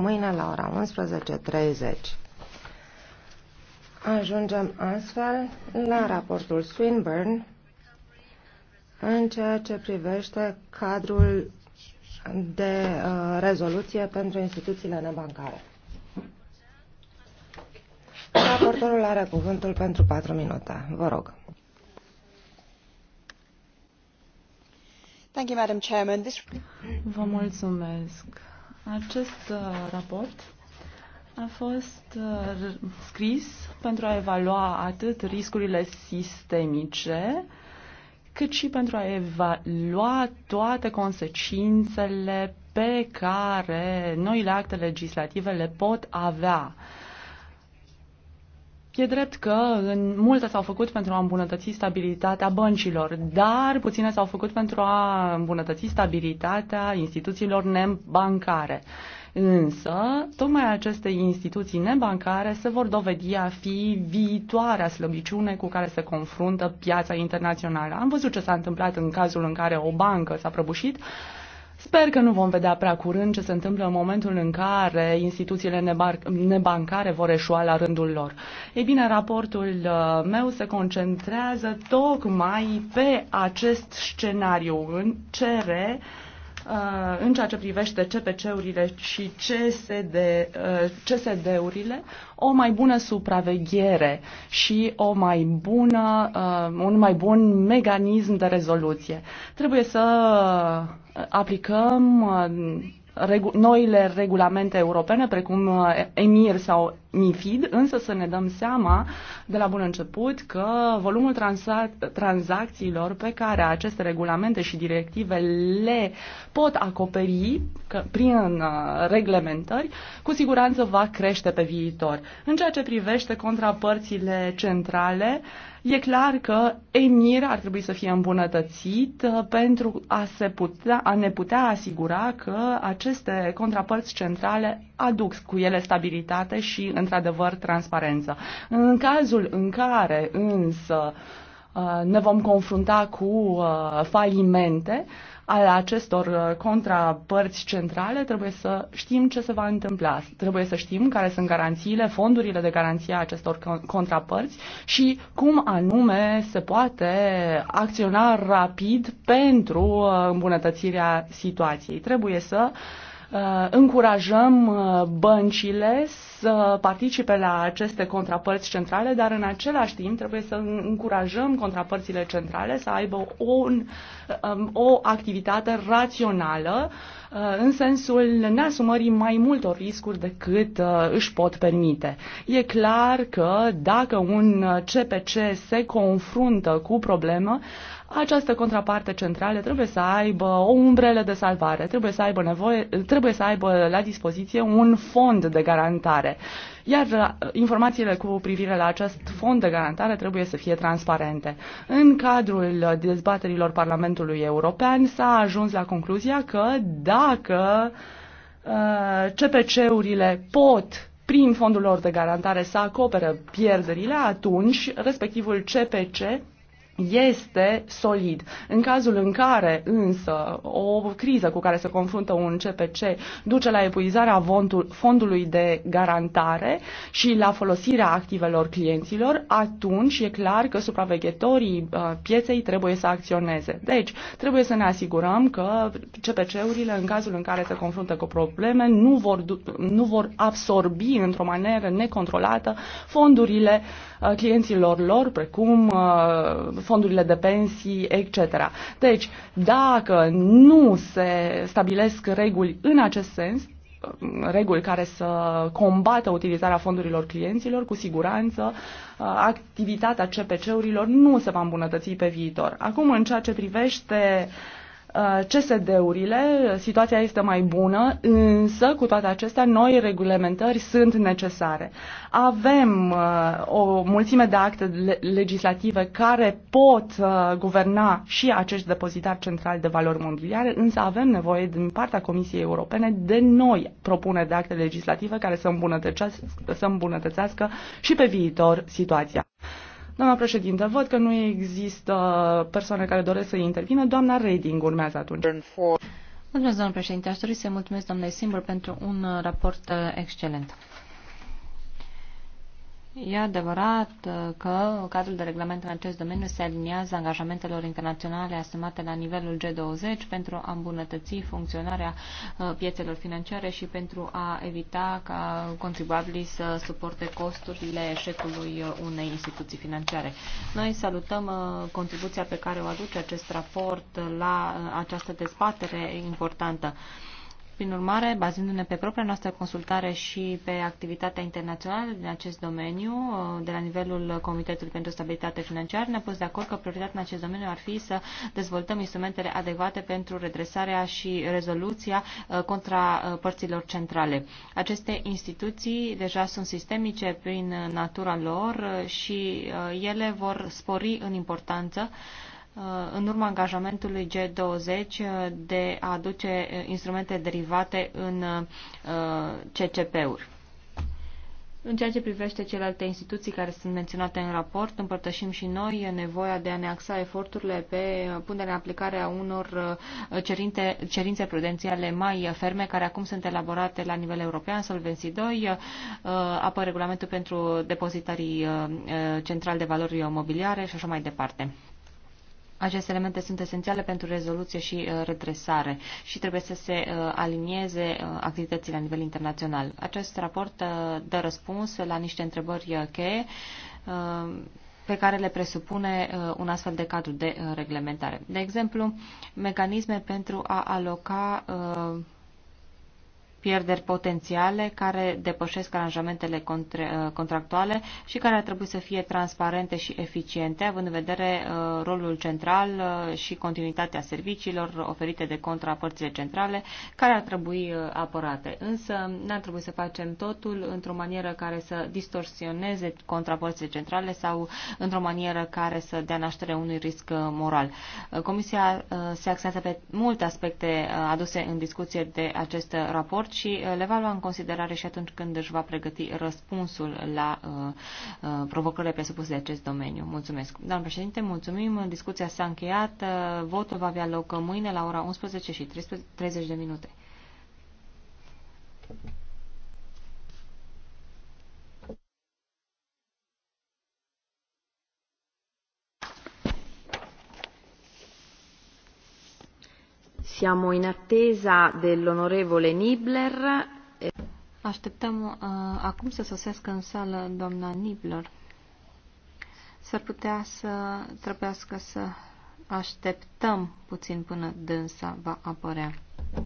mâine la ora 11.30. Ajungem astfel la raportul Swinburne în ceea ce privește cadrul de uh, rezoluție pentru instituțiile nebancare. Raportorul are cuvântul pentru 4 minute. Vă rog. Thank you, Madam Chairman. This... Vă mulțumesc. Acest uh, raport a fost uh, scris pentru a evalua atât riscurile sistemice, cât și pentru a evalua toate consecințele pe care noile acte legislative le pot avea E drept că în multe s-au făcut pentru a îmbunătăți stabilitatea băncilor, dar puține s-au făcut pentru a îmbunătăți stabilitatea instituțiilor nebancare. Însă, tocmai aceste instituții nebancare se vor dovedi a fi viitoarea slăbiciune cu care se confruntă piața internațională. Am văzut ce s-a întâmplat în cazul în care o bancă s-a prăbușit, Sper că nu vom vedea prea curând ce se întâmplă în momentul în care instituțiile nebancare vor eșua la rândul lor. Ei bine, raportul uh, meu se concentrează tocmai pe acest scenariu în cere uh, în ceea ce privește CPC-urile și CSD, uh, CSD-urile, o mai bună supraveghere și o mai bună, un mai bun mecanism de rezoluție. Trebuie să aplicăm uh, regu- noile regulamente europene, precum uh, EMIR sau MIFID, însă să ne dăm seama de la bun început că volumul transa- tranzacțiilor pe care aceste regulamente și directive le pot acoperi că, prin uh, reglementări, cu siguranță va crește pe viitor. În ceea ce privește contrapărțile centrale, uh, E clar că emir ar trebui să fie îmbunătățit uh, pentru a, se putea, a ne putea asigura că aceste contrapărți centrale aduc cu ele stabilitate și, într-adevăr, transparență. În cazul în care, însă, uh, ne vom confrunta cu uh, falimente, al acestor uh, contrapărți centrale, trebuie să știm ce se va întâmpla. Trebuie să știm care sunt garanțiile, fondurile de garanție a acestor contrapărți și cum anume se poate acționa rapid pentru uh, îmbunătățirea situației. Trebuie să uh, încurajăm băncile să participe la aceste contrapărți centrale, dar în același timp trebuie să încurajăm contrapărțile centrale să aibă o, um, o activitate rațională uh, în sensul neasumării mai multor riscuri decât uh, își pot permite. E clar că dacă un CPC se confruntă cu problemă, această contraparte centrală trebuie să aibă o umbrele de salvare, trebuie să aibă, nevoie, trebuie să aibă la dispoziție un fond de garantare. Iar uh, informațiile cu privire la acest fond de garantare trebuie să fie transparente. În cadrul dezbaterilor Parlamentului European s-a ajuns la concluzia că dacă uh, CPC-urile pot prin fondul lor de garantare să acopere pierderile, atunci respectivul CPC este solid. În cazul în care însă o criză cu care se confruntă un CPC duce la epuizarea fondului de garantare și la folosirea activelor clienților, atunci e clar că supraveghetorii uh, pieței trebuie să acționeze. Deci, trebuie să ne asigurăm că CPC-urile, în cazul în care se confruntă cu probleme, nu vor, nu vor absorbi într-o manieră necontrolată fondurile uh, clienților lor, precum uh, fondurile de pensii, etc. Deci, dacă nu se stabilesc reguli în acest sens, reguli care să combată utilizarea fondurilor clienților, cu siguranță activitatea CPC-urilor nu se va îmbunătăți pe viitor. Acum, în ceea ce privește uh, Uh, CSD-urile, situația este mai bună, însă, cu toate acestea, noi reglementări sunt necesare. Avem uh, o mulțime de acte legislative care pot uh, guverna și acești depozitari centrali de valori mobiliare, însă avem nevoie din partea Comisiei Europene de noi propuneri de acte legislative care să îmbunătățească, să îmbunătățească și pe viitor situația. Doamna președintă, văd că nu există persoane care doresc să intervină. Doamna Reding urmează atunci. Mulțumesc, doamnă președinte. Aș dori să mulțumesc doamnei simbol pentru un raport uh, excelent. E adevărat uh, că cadrul de reglementare în acest domeniu se aliniază angajamentelor internaționale asumate la nivelul G20 pentru a îmbunătăți funcționarea uh, piețelor financiare și pentru a evita ca contribuabilii să suporte costurile eșecului uh, unei instituții financiare. Noi salutăm contribuția pe care o aduce acest raport la această dezbatere importantă. Prin urmare, bazându-ne pe propria noastră consultare și pe activitatea internațională din acest domeniu, de la nivelul Comitetului pentru Stabilitate Financiară, ne-am pus de acord că prioritatea în acest domeniu ar fi să dezvoltăm instrumentele adecvate pentru redresarea și rezoluția uh, contra uh, părților centrale. Aceste instituții deja sunt sistemice prin natura lor uh, și ele vor spori în importanță uh, Uh, în urma angajamentului G20 uh, de a aduce uh, instrumente derivate în CCP-uri. În ceea ce privește celelalte instituții care sunt menționate în raport, împărtășim și noi nevoia de a ne axa eforturile pe punerea în aplicare a unor cerinte, cerințe prudențiale mai ferme, care acum sunt elaborate la nivel european, Solvency 2, apă regulamentul pentru depozitarii central de valori mobiliare și așa mai departe. Aceste elemente sunt esențiale pentru rezoluție și uh, redresare și trebuie să se uh, alinieze uh, activitățile la nivel internațional. Acest raport dă răspuns la niște întrebări cheie pe care le presupune un astfel de cadru de reglementare. De exemplu, mecanisme pentru a aloca pierderi potențiale care depășesc aranjamentele uh, contractuale și care ar trebui să fie transparente și eficiente, având în vedere uh, rolul central uh, și continuitatea serviciilor oferite de contrapărțile centrale, care ar trebui apărate. Însă n-ar trebui să facem totul într-o manieră care să distorsioneze contrapărțile centrale sau într-o manieră care să dea naștere unui risc moral. Comisia se axează pe multe aspecte aduse în discuție de acest raport, raport și uh, le va lua în considerare și atunci când își va pregăti răspunsul la uh, uh, provocările presupuse de acest domeniu. Mulțumesc. Doamnă președinte, mulțumim. Discuția s-a încheiat. Votul va avea loc mâine la ora 11 și 30 de minute. Siamo in attesa dell'onorevole Nibler. Așteptăm uh, acum să sosească în sală doamna Nibler. S-ar putea să trebuiască să așteptăm puțin până dânsa va apărea.